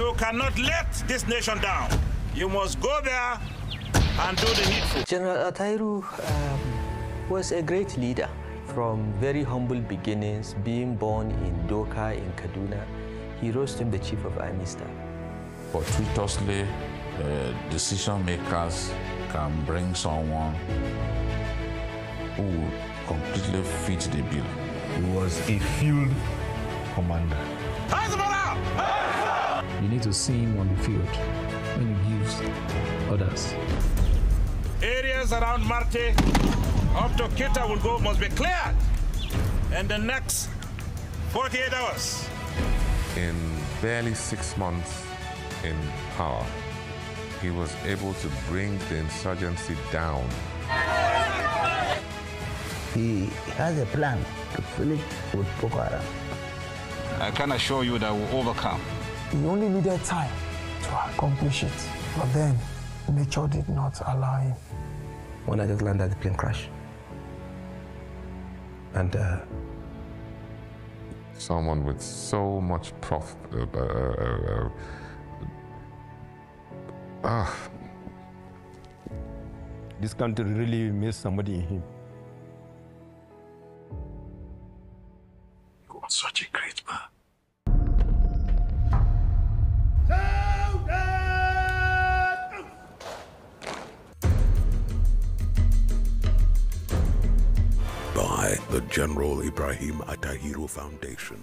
You cannot let this nation down. You must go there and do the needful. General Atairu um, was a great leader from very humble beginnings, being born in Doka in Kaduna. He rose to be the chief of army staff. Fortuitously, uh, decision makers can bring someone who completely fits the bill. He was a field commander. How's to seeing on the field when you use others. Areas around Marte up to Kita will go must be cleared in the next 48 hours. In barely six months in power, he was able to bring the insurgency down. He has a plan to finish with Boko Haram. I can assure you that we'll overcome. He only needed time to accomplish it. But then, nature did not allow him. When I just landed, the plane crashed. And uh, someone with so much prof. Uh, uh, uh, uh, uh ah. this country really missed somebody in him. He was such a great man. by the General Ibrahim Atahiru Foundation.